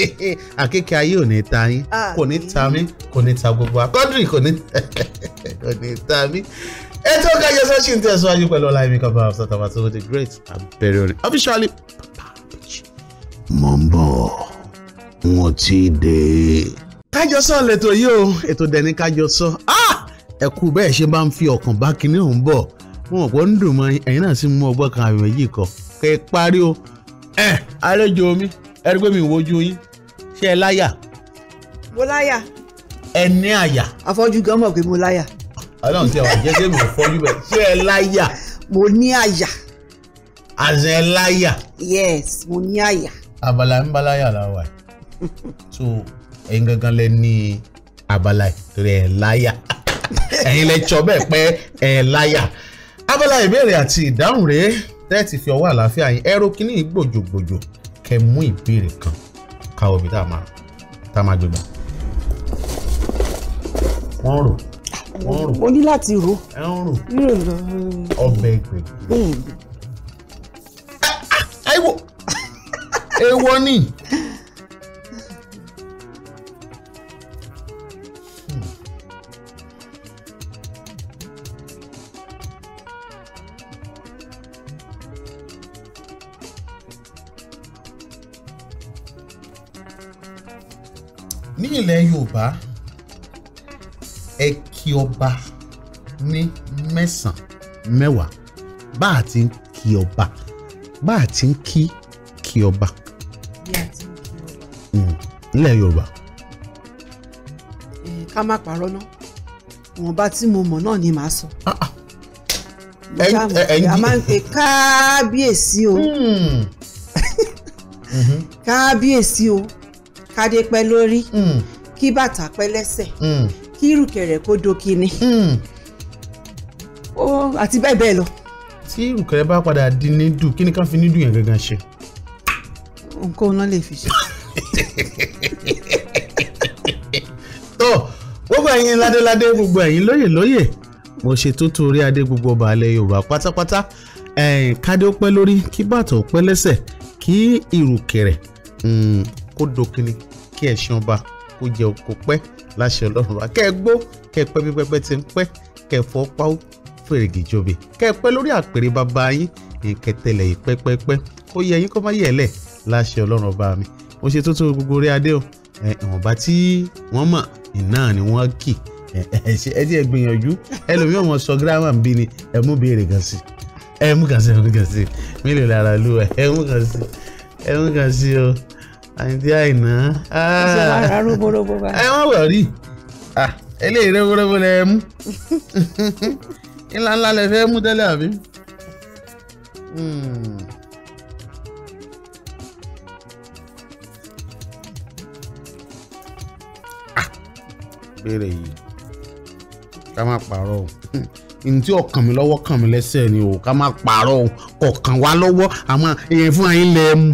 [LAUGHS] àkekèé ayé ò ní ta yín kò ní ta mí kò ní ta gbogbo akọ́dùn [LAUGHS] kò ní ta mí ètò Kájọ Ṣọ́ọ̀ṣì ń tẹ̀síwájú pẹ̀lú Ọláyẹmí Kábàárà Àtàbàtúbú the great and very officially mọ̀ ń bọ̀ wọn ti dé. kájọsọ lẹ́tọ̀ yìí o ètò dẹni kájọsọ ah! ẹ kú bẹ́ẹ̀ ṣe máa ń fi ọkàn bá kinní ọ̀hún bọ̀ wọn kò ń dùn mọ́ ẹ̀yin náà sì mú ọgbọ́n kan àmì méjì kọ kẹ ẹ parí o ẹ àlejò mi ẹ mi wojú yín ṣé ẹ láyà. mo láyà. ẹ ní àyà. afọ́jú gan mọ̀ pé mo láyà. Ọlọ́run tí a wà jẹ́ kémi ò bẹ́ẹ̀ ṣé ẹ láyà. mo ní àyà. àzẹ láyà. yes mo ní àyà. abala ń bá láyà làwọn yìí so ẹ̀yin gangan lẹ ní abala ìtòrí ẹ̀ láyà ẹ̀yin lẹ tsọ bẹ́ẹ̀ pẹ́ ẹ̀ láyà abala ìbéèrè àti ìdáhùn rèé tẹ́ẹ̀tì fi ọwọ́ àlàáfíà yín ẹ̀rọ kìíní gbòjògbòjò kẹ mú ìbéèrè kan káwọ́ bí tá a máa gbégbá wọ́n rò wọ́n rò. mo ní láti rò. ẹ ń rò. rírò lọ. ọbẹ̀ gbẹ̀gbẹ̀. àìwọ̀ èèwọ̀ ni ní ilẹ̀ Yorùbá ẹkì ọba ní mẹ́sàn-án mẹ́wàá bá a ti ń kí ọba bá a ti ń kí kí ọba hmm, nílẹ̀ Yorùbá. ká má parọ́ ná ìwọ̀nba tí mo mọ̀ náà ni màá sọ. Eh, a máa ń pe kábíyèsí o hmm. [LAUGHS] mm-hmm. kábíyèsí o kádé pẹ́ lórí hmm. kí bàtà pẹ́ lẹ́sẹ̀ hmm. kí ìrùkẹ̀rẹ̀ kó dókínì hmm. àti bẹ́ẹ̀ bẹ́ẹ̀ lọ. tí ìrùkẹ̀rẹ̀ bá padà di nídù kí ni ká fi nídù yẹn gangan ṣe. nǹkan ọ̀nà lè fi ṣe. [LAUGHS] tó gbogbo ẹ̀yin ládéládé gbogbo ẹ̀yin lóyè lóyè mo ṣe tó torí adé gbogbo ọba alẹ́ yorùbá pátápátá kádé ó pẹ́ lórí kí bàtà ó pẹ́ lẹ́sẹ̀ kí ìrùkẹ̀rẹ̀ kó dókínì kí ẹ̀sìn ọba kó jẹ òkú pẹ́ láṣẹ ọlọ́run wa kẹ́ ẹ gbó kẹ́ ẹ pẹ́ bí pẹ́pẹ́ ti ń pẹ́ kẹ́ ẹ fọ́ páwó fèrègì jòbe kẹ́ ẹ pẹ́ lórí àpèrè bàbá yín ìkẹtẹlẹ̀ yìí pẹ́pẹ́pẹ́ ó yẹ yín kó má yẹ̀lẹ̀ láṣẹ ọlọ́run ọba mi mo ṣe tó tó gbogbo orí adé o ìwọ̀nba tí wọ́n mọ̀ náà ni wọ́n kì ẹ ti ẹ gbìyànjú ẹlòmíì ọmọ sọ gírámà ń bí ni ẹ mú béèrè gan sí ẹ mú kàn sí ẹ mú kàn sí mílíọ̀nù ara lu ẹ mú kàn sí ẹ mú kàn sí o àyìndí àyìnà. ṣe ara róbóróbó bá. ẹ wọ́n wọ̀ rí eléyìí róbóróbó lẹ mú ńlá ńlá lẹ fẹ́ mú tẹ́lẹ̀ àbí. Hmm. béèrè yìí ká má pààrọ̀ o n tí ọkàn mi lọ́wọ́ kàn mí lẹ́sẹ̀ ni o ká má pààrọ̀ o kọ̀ọ̀kan wá lọ́wọ́ àmọ́ èèyàn fún ayé lẹ́ẹ̀mú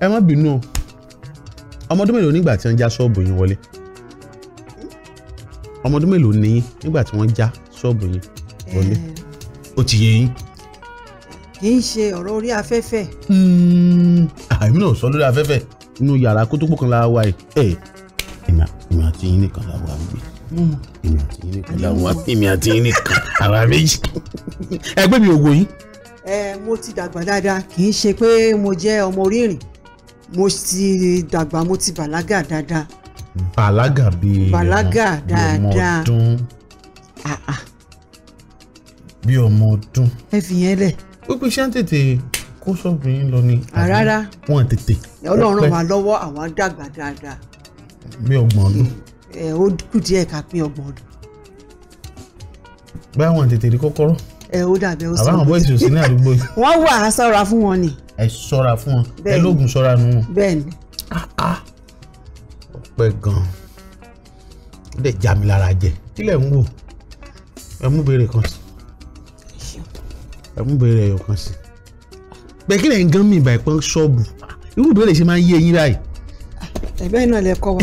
ẹ má bínú o ọmọ ọdún mélòó nígbà tí wọ́n já ṣọ́ọ̀bù yín wọlé ọmọ ọdún mélòó ní yín nígbà tí wọ́n já ṣọ́ọ̀bù yín wọlé. O eh, ti yé yín. kì í ṣe ọ̀rọ̀ orí afẹ́fẹ́. àìmí hmm. ah, náà sọ lórí afẹ́fẹ́ inú yàrá kótópó kan la wà yìí eh, èmi àti yín nìkan la wà ń gbé hmm. èmi àti yín nìkan la wà èmi àti yín nìkan àwa méjì [LAUGHS] ẹgbẹ́ mi ò wò yín. ẹ eh, mo ti dàgbà dáadáa kì í ṣe pé mo jẹ́ ọmọ orí ìrìn mo ti dàgbà mo ti bàlágà dáadáa. bàlágà bíi bàlágà dáadáa ah, ah. bí ọmọ ọdún bí ọmọ ọdún. ẹ fi yẹn lẹ̀. pípín iṣẹ́ ń tètè kó ṣọ́ọ̀bù yín lọ ni. Ah, rárá wọn tètè. ọlọ́run wà lọ́wọ́ àwọn dàgbà dáadáa. bí ọgbọ̀n ọdún. ẹ eh, ó kù díẹ̀ ká pín ọgbọ̀n ọdún. báwọn tètè rí kọ́kọ́rọ́ ẹ ó dàbí ó sọ àwọn àbọ̀ èsì òsínà àdúgbò yìí. [LAUGHS] wọ́n wà á ṣọ́ra fún wọn ni. ẹ ṣọ́ra fún wọn ẹ lóògùn ṣọ́ra nù wọn. bẹ́ẹ̀ni. Ah, ah. ọpẹ́ gan-an ó dẹ̀ já mi lára jẹ kílẹ̀ ń wò ẹ mú béèrè kan sí ẹ mú béèrè ẹyọ kan sí pé kílẹ̀ ń gán mi ìbà ìpọ́n ṣọ́ọ̀bù irú ìbéèrè ṣe máa ń yé eyín báyìí. Ah, ẹ̀bẹ́ iná lẹ kọ́ wa.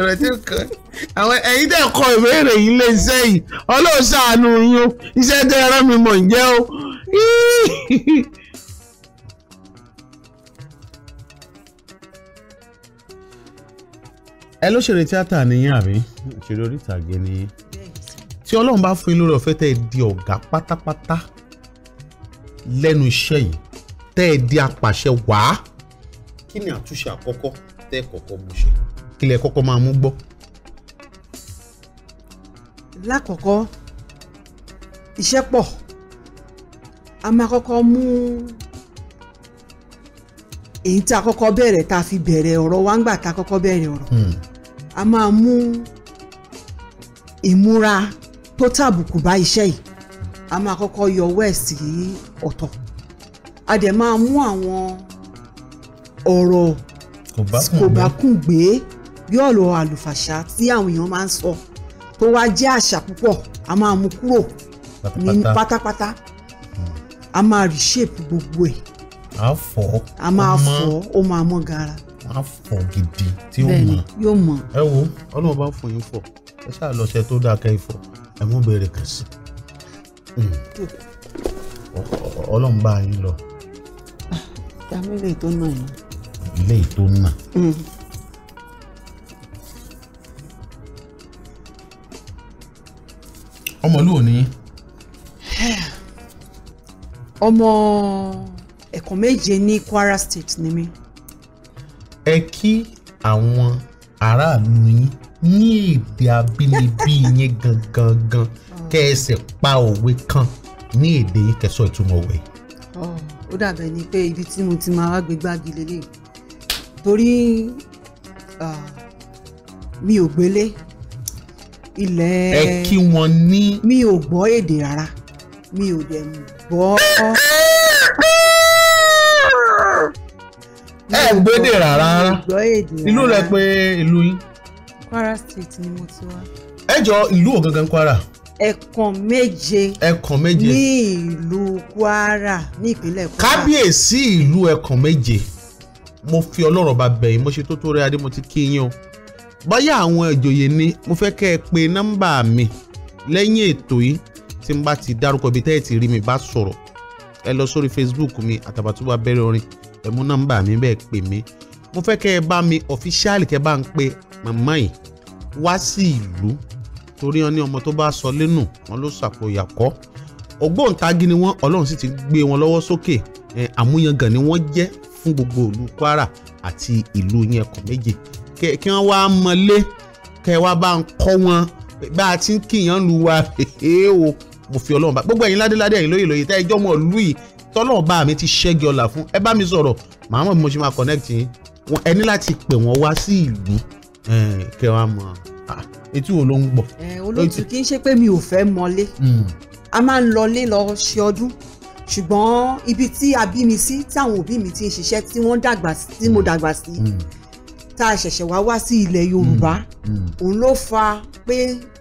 ọ̀rọ̀ [LAUGHS] tí ó kàn àwọn ẹ̀yin tẹ́ kọ ìbéèrè yìí lè ṣe yìí ọlọ́run ṣàánú yín iṣẹ́ tẹ́ ẹran mi mọ̀ ǹjẹ́ o. ẹ ló ṣeré tíátà nìyẹn àbí ṣeré orí ìtàgé nìyẹn tí ọlọ́run bá fún yín lórí ọ̀fẹ́ tẹ́ ẹ di ọ̀gá pátápátá lẹ́nu iṣẹ́ yìí tẹ́ ẹ di apàṣẹ wàá kí ni àtúnṣe àkọ́kọ́ tẹ́ ẹ kọ́kọ́ mú ṣe kí lẹ kọ́kọ́ máa mú gbọ́ lákọ̀ọ́kọ́ iṣẹ́ pọ̀ a máa kọ́kọ́ mú èyí tá a kọ́kọ́ bẹ̀rẹ̀ tá a fi bẹ̀rẹ̀ ọ̀rọ̀ wá ńgbà tá a kọ́kọ́ bẹ̀rẹ̀ ọ̀rọ̀ hmm. a máa mú ìmúra tó tàbùkù bá iṣẹ́ yìí a máa kọ́kọ́ yọ west yìí ọ̀tọ̀ a dẹ̀ máa mú àwọn ọ̀rọ̀ kò bá kùn gbé bí ọ̀rọ̀ àlùfàṣà tí àwọn èèyàn máa ń sọ. So tó wá jẹ́ àṣà púpọ̀ a máa mú kúrò ní pátápátá a máa reshape gbogbo ẹ̀. a fọ a máa fọ ó máa mọ́ gara. a fọ gidi tí ó mọ yóò mọ. ẹ wo ọlọ́run bá fún yín fọ ẹ ṣáà lọ ṣe tó dáa kẹ́ ẹ fọ ẹ mú bèrè kàn sí hmm. ọlọ́run bá yín lọ. Ah, dá tó nà yín. ilé ìtò nà. Hmm. ọmọ olúwo ni. ọmọ ẹ̀kọ́ méje ní Kwara State ni mí. ẹ kí àwọn aráàlú yín ní èdè abínibí [LAUGHS] yín gangan oh. kẹ́ ẹ sì pa òwe kan ní èdè yín kẹsọ ìtumọ̀ òwe. Oh, ó dàbẹ̀ ni pé ibi tí mo ti máa wá gbé gbági lélẹ̀ torí ah, mi ò gbélé ilẹ̀ ẹ kí wọn ní. mi ò gbọ́ èdè rárá mi ò dẹ̀ gbọ́. ẹ gbédè rárá ìlú rẹ pé ìlú yín. Kwara State ni mo ti wá. ẹ jọ ìlú wo gangan Kwara. ẹ̀kan méje ẹ̀kan méje ní ìlú Kwara ní ìpínlẹ̀ Kwara. kábíyèsí ìlú ẹ̀kan méje mo fi ọlọ́run bá bẹ̀ mo ṣe tó tó rẹ́ adé mo ti kí yín o bóyá àwọn ìjòyè ni mo fẹ́ kẹ́ ẹ pe nọ́mbà mi lẹ́yìn ètò yìí tí n bá ti dárúkọ ibi tẹ́ rí mi bá sọ̀rọ̀ ẹ lọ sórí Facebook mi Àtàbàtúbú Abẹ́rẹ́ Orin ẹ mú nọ́mbà mi bẹ́ẹ̀ pè mí mo fẹ́ kẹ́ ẹ bá mi ọ̀fíṣàlì kẹ́ bá ń pe màmá yìí wá sí ìlú torí wọn ní ọmọ tó bá sọ lẹ́nu wọn ló ṣàkóyàkọ́ ògbóǹtagì ni wọn Ọlọ́run sì ti gbé wọn lọ́wọ́ sókè àmúyangàn ni wọ́n jẹ́ fún gbogbo ìlú Kwara àti ìlú yẹn ẹkọ̀ méje kí wọ́n wá mọ́lé kẹ́ ẹ wá bá ń kọ́ wọn bá a ti ń kíyàn lu wa [LAUGHS] o mo fi ọlọ́run bá gbogbo ẹ̀yin ládéládé ẹ̀yin lóye lóye tẹ́ ẹjọ́ mọ̀ lù yìí tọ́lọ́run bá mi ti ṣẹ́gi ọ̀la fún ẹ bá mi sọ̀rọ̀ màá mọ̀ bí mo ṣe máa connect yín wọn ẹ ní láti pè wọ́n wá sí ìlú kẹ́ wá mọ̀ etí wo ló ń gbọ̀. olótú kì í ṣe pé mi ò fẹ́ mọlé hmm. a máa ń lọlé lọ ṣe ọdún ṣùgbọ́n ibi tí a bí mi sí táwọn òbí mi ti ń ṣiṣẹ́ tí wọ́n dàgbà sí tí mo hmm. dàgbà sí hmm tá a ṣẹ̀ṣẹ̀ wá wá sí ilẹ̀ Yorùbá hmm, hmm. òun ló fa pé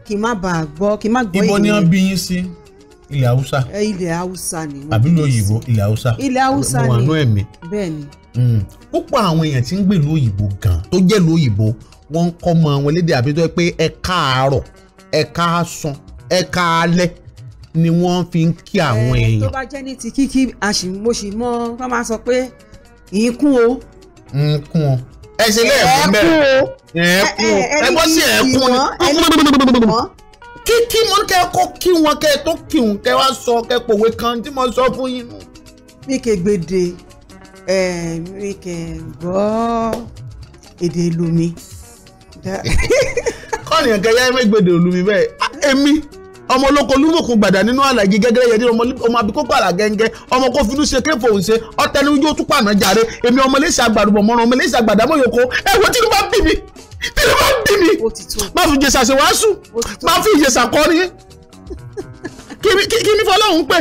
kí n má bàa gbọ́ kí n má gbọ́ ìlú. ibo ni wọ́n bí yín sí ilẹ̀ haúsá. ilẹ̀ haúsá ni. àbí ló ilẹ̀ haúsá. ilẹ̀ haúsá ni mo ẹ̀mí. bẹ́ẹ̀ hmm. púpọ̀ àwọn èèyàn tí ń gbé ìlú gan tó jẹ́ ìlú òyìnbó wọ́n ń kọ́ mọ àwọn lédè àbí tó yẹ pé ẹ káàárọ̀ ẹ káàsán ẹ káalẹ́ ni wọ́n fi ń kí àwọn èèyàn. tó bá jẹ́ ní ti kíkí ẹ ṣe lẹ́ẹ̀kún bẹ́ẹ̀ ẹ̀ẹ́kún ẹ bọ́ sí ẹ̀ẹ́kún ni kí kí mo kẹ́ kó kí wọn kẹ́ tó kí wọn kẹ́ wá sọ kẹ́ pòwe kan tí mo sọ fún yín. mi kè gbèdè mi kè gbọ́ èdè lumi, kọ́ni ẹ̀kẹ́ yá mi gbèdè bẹ́ẹ̀ èmi ọmọ olóko olúmọ̀kun gbàdá nínú àlàyé gẹ́gẹ́rẹ́ yẹn ní ọmọ abikókò àlàgẹ́ngẹ́ ọmọ kó finú ṣe kéfò ń ṣe ọtẹni ojú tún pàná jàre èmi ọmọ iléeṣẹ́ àgbàdùbọ̀ mọ́ràn ọmọ iléeṣẹ́ àgbàdàmọ́ yòókó ẹ wo tí ló bá ń bì mí tí ló bá ń bì mí má fi jèsà ṣe wàásù má fi jèsà kọ́ ni kí ni fọlọ́hún pé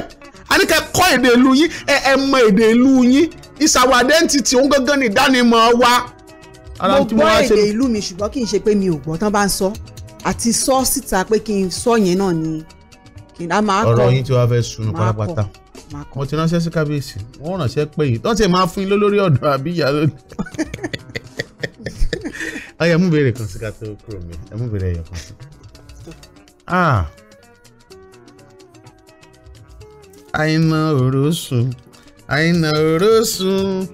àníkẹ́ kọ́ èdè ìlú yín ẹ ẹ mọ èdè ìlú yín ìsàwọ̀ àdẹ́ntìtì òun gángan ní ìdánimọ̀ wa. mo gbọ́ èdè ìlú mi ṣùgbọ́n kì í ṣe pé mi ò gbọ́ tán bá ń sọ àti sọ síta pé kí n sọ yẹn náà ni kí n á máa kọ ọ̀rọ̀ yín tí wàá fẹ́ sunu pátápátá mo ti ránṣẹ́ sí kábíyèsí wọ́n ránṣẹ́ pé yìí lọ́sẹ̀ máa fún yín lórí ọ̀dọ̀ àbíyá lónìí ọyọ [LAUGHS] mú bèrè kan sí ká tó kúrò mi ẹ mú bèrè ẹyọ kan sí. Ah. àìnà òró sùn àìnà òró sùn.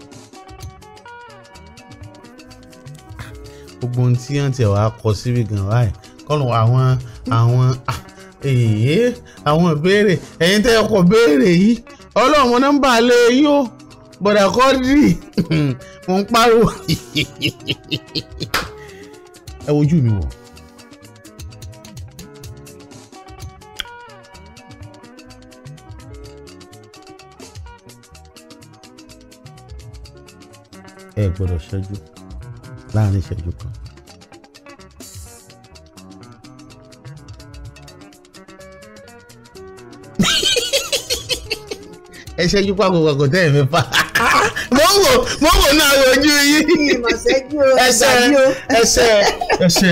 gbogbo ohun tí wọ́n ti wàá kọ síbi gan báyìí kọ́nù àwọn àwọn èyí ah, eh, àwọn ìbéèrè ẹ̀yin tẹ́ ọkọ̀ béèrè yìí ọlọ́run nọ́mbà lé yín o bọ̀dà kọ́dírì mò ń pariwo [LAUGHS] ẹ wojú mi wò. ẹ gbọ́dọ̀ ṣẹ́jú láàrin ìṣẹ́jú kan ẹ ṣẹ́jú pàkópàkó tẹ́ ẹ̀ fi fa [LAUGHS] mò ń wò mò ń wò náà ojú yín ẹsẹ ẹsẹ ẹsẹ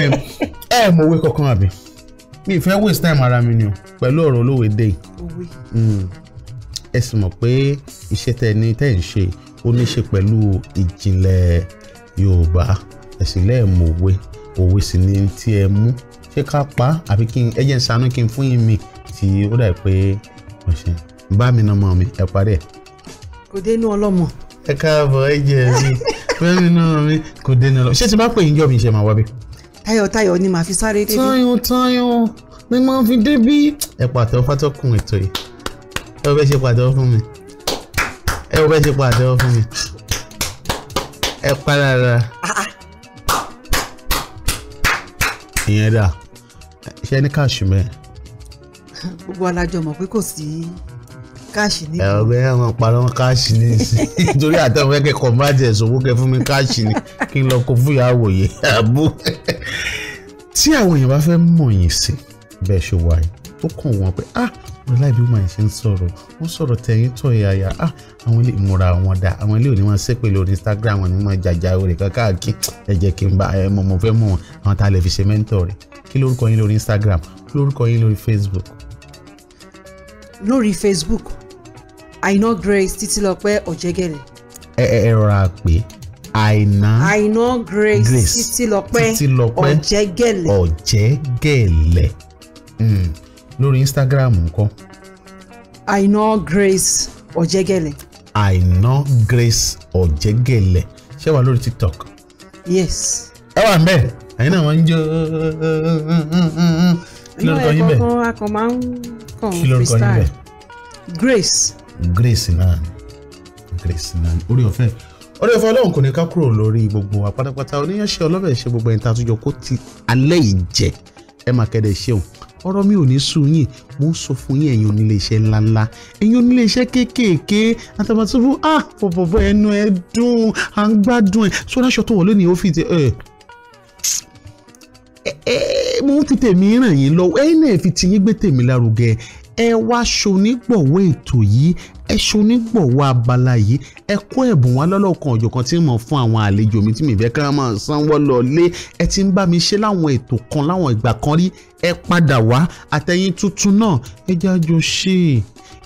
ẹ mọ̀ òwe kankan àbí mi ìfẹ́ waste time ara mi ni o pẹ̀lú ọ̀rọ̀ olówó èdè yìí hmm. ẹ sì mọ̀ pé iṣẹ́ tẹ́ ní tẹ́ ń ṣe ó ní ṣe pẹ̀lú ìjìnlẹ̀ Yorùbá ẹ̀sìn lẹ́ẹ̀mọ̀ òwe òwe sì ni tí ẹ mú ṣé ká pa àbí kí ẹ jẹ́ ń sanú kí n fún yín mi tí ó dà pé wọ́n ṣe bá mi nà mọ́ mi ẹ parí ẹ̀. kò dé inú ọlọ́mọ. ẹ káàbọ̀ ẹ jẹ́ ẹ mi bẹ́ẹ̀ mi nà mi kò dé inú ọlọ́mọ ṣé ti bá pè yín jọ mi ṣe máa wá bí. tayọ̀tayọ̀ ni màá fi sáré débi. tayọ̀ tayọ̀ ni màá fi débi. ẹ pàtẹ́wọ́ fátọ́kùn ètò yìí ẹ wọ́n fẹ́ ṣe pàtẹ́wọ́ fún mi ẹ wọ́n fẹ́ ṣe pàtẹ́wọ́ fún mi ẹ palára. ìyẹn dà ṣe ní káàṣù mẹ́ẹ̀. gbogbo alájọ mọ̀ pé kò sí káàṣì ní. ọgbẹ àwọn parọ káàṣì ní nítorí àtẹwọn kẹkẹ kọmáàtì ẹsùn owó kẹ fún mi káàṣì ní kí n lọ kó fún ìyàwó yìí àbú. [LAUGHS] tí àwọn èèyàn bá fẹ́ mọ̀ yín sí bẹ́ẹ̀ ṣe wà yìí tó kàn wọ́n pé ah ọláì bí wọ́n ṣe ń sọ̀rọ̀ wọ́n sọ̀rọ̀ tẹ̀yìn tọ̀ yàyà ah àwọn ilé ìmúra wọn dá àwọn ilé òní wọn ṣe pé lórí Instagram wọn ni wọn jàjà rẹ̀ káàkiri ẹ jẹ́ kí n bá ẹ mọ̀ mọ̀ fẹ́ mọ̀ wọn àwọn tá a lè fi ṣe mẹ́ńtọ̀ rẹ̀ kí lórúkọ yín lórí Instagram lórúkọ yín lórí Facebook lórí Facebook Àìná Grace Títílọpẹ́ Ọ̀jẹ̀gẹ̀lẹ̀. ẹ ẹ ra pé Àìná Àìná Grace Títílọpẹ́ Ọ̀jẹ̀gẹ̀lẹ̀ Ọ̀jẹ̀gẹ̀lẹ̀ lórí Instagram ńkọ́. Àìná Grace Ọ̀jẹ̀gẹ̀lẹ̀. Àìná Grace Ọ̀jẹ̀gẹ̀lẹ̀ ṣé wà lórí TikTok. yes. ẹ wà ń bẹ́ẹ̀ àyìn náà ń jó kí lórúkọ yín bẹ ẹ̀kọ́ akọ̀ máa ń kàn freestyle grace. grace náà grace náà orí ọ̀fẹ́ orí ọ̀fẹ́ ọlọ́run kò ní ká kúrò lórí gbogbo wa pátápátá oníyanṣẹ́ ọlọ́fẹ́ ṣe gbogbo ẹ̀yìn tá kó ti alẹ́ yìí jẹ ẹ máa kẹ́dẹ̀ ṣeun ọ̀rọ̀ mi ò ní sú yín mo ń sọ fún yín ẹ̀yin oníléeṣẹ́ ńláńlá ẹ̀yin oníléeṣẹ́ kéékèèké àtàbàtúbù ah bọ̀bọ̀bọ̀ ẹnu ẹ dùn à ń gbádùn ẹ sọ́dáṣọ tó wọ̀ lónìí ó fi ti ẹ ẹ mo ń fi tèmi ràn yín lọ ẹ̀yin náà fi tiyín gbé tèmi lárugẹ ẹ wá ṣonígbọ̀wọ́ ètò yìí ẹ ṣonígbọ̀wọ́ abala yìí ẹ kó ẹ̀bùn wá lọ́lọ́kan ọ̀jọ̀kan tí mo fún àwọn àlejò mi tí mi fẹ́ ká máa sanwó lọ lé ẹ ti ń bá mi ṣe láwọn ètò kan láwọn ìgbà kan rí ẹ padà wá àtẹ̀yìn tuntun náà ẹ jẹ́ àjọ ṣe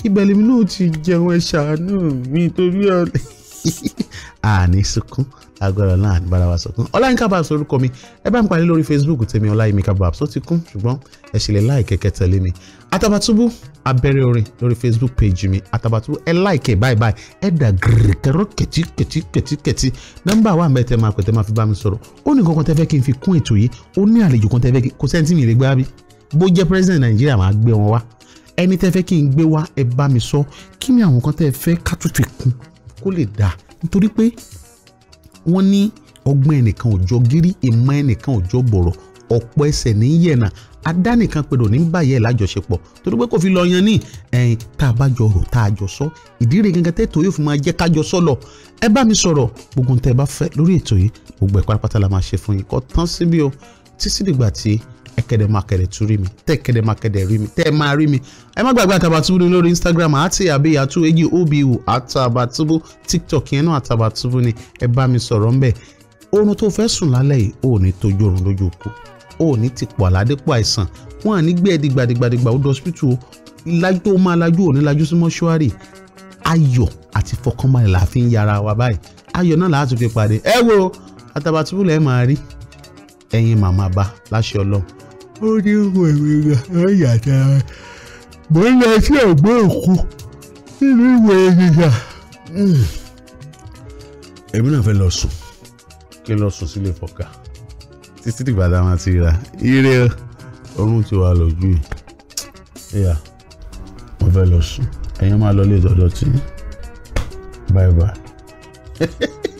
ibẹ̀ lèmi náà ti jẹun ẹ ṣàánú mi torí ọ̀lẹ́ àní [LAUGHS] sunkún agbára ọlọ́run àgbára wa sọ̀tún ọláyínká bá sorúkọ mi ẹ bá ń parí lórí facebook tèmi ọláyínká bá tó ti kún ṣùgbọ́n ẹ ṣe lè láìkẹ́ kẹ́ tẹ̀lé mi àtàbàtúbú abẹ́rẹ́ orin lórí facebook page mi àtàbàtúbú ẹ láìkẹ́ báyìí báyìí ẹ dà gírìkẹ́rọ́ kẹ̀tí kẹ̀tí kẹ̀tí kẹ̀tí nọ́mbà wa mẹ́ tẹ́ máa pẹ̀ tẹ́ máa fi bá mi sọ̀rọ̀ ó ní nǹkan kan tẹ́ kí n fi kún ètò yìí ó ní àlejò kan tẹ́ fẹ́ kí kò mi lè gbá bí bó jẹ́ president nàìjíríà máa gbé wọn wá ẹni tẹ́ fẹ́ kí n gbé wá ẹ bá mi sọ kí ni àwọn kan tẹ́ fẹ́ ká tún kún kó lè dáa nítorí pé wọ́n ní ọgbọ́n ẹnìkan ò jọ gírí ìmọ̀ ẹnìkan ò jọ bọ̀rọ̀ ọ̀pọ̀ ẹsẹ̀ ní yẹ̀nà adánìkan pẹ̀lú ní báyẹ̀ lájọṣepọ̀ torí pé kò fi lọ yan ní ẹ̀yìn tá a bá jọ rò tá a jọ sọ ìdí rẹ̀ gangan tẹ́tò yóò fi máa jẹ́ kájọ sọ lọ ẹ bá mi sọ̀rọ̀ gbogbo nǹkan tẹ́ ẹ bá fẹ́ lórí ètò yìí gbogbo ẹ̀kọ́ apátá la máa ṣe fún yín kọ́ tán síbí o títí dìgbà tí ẹ̀kẹ́dẹ̀ máa kẹ̀dẹ̀ tún rí mi tẹ́ ẹ̀kẹ́dẹ̀ máa kẹ̀dẹ̀ rí mi tẹ́ ẹ máa rí mi ẹ má gbàgbé àtàbàtúbú ni lórí instagram àti àbíyàtú èyí obu àtàbàtúbú tiktok yẹn náà àtàbàtúbú ni ẹ bá mi sọ̀rọ̀ ńbẹ̀ oorun tó fẹ́ sùn lálẹ́ yìí ò ní tójú oorun lójú òkú ò ní ti pọ̀ àládépọ̀ àìsàn wọn à ní gbé ẹdí gbàdìgbàdìgbà ó dọ́sítù lájú tó máa lajú ò ní lajú sí mọ́ṣúárì ayọ̀ àti fọkànbalẹ̀ la fi ń yára wa báyìí ayọ̀ náà láti fi pàdé ẹ wo àtàbàtúbú lẹ́ẹ̀ máa rí ẹ̀yin màmá bá láṣẹ ọlọ́run ó ní wèrè lọ́yà dára mò lọ sí ẹ̀gbọ́n òkú nínú ìwé gíga. èmi náà fẹ́ lọ sùn kí n lọ sùn sílé fọ̀kà títí dìgbà tá ti ra ire oorun ti wà lójú yìí. ìyá mo fẹ́ lọ sùn ẹ̀yin máa lọ ilé ìtọ́jọ́ tí bye bye. [LAUGHS]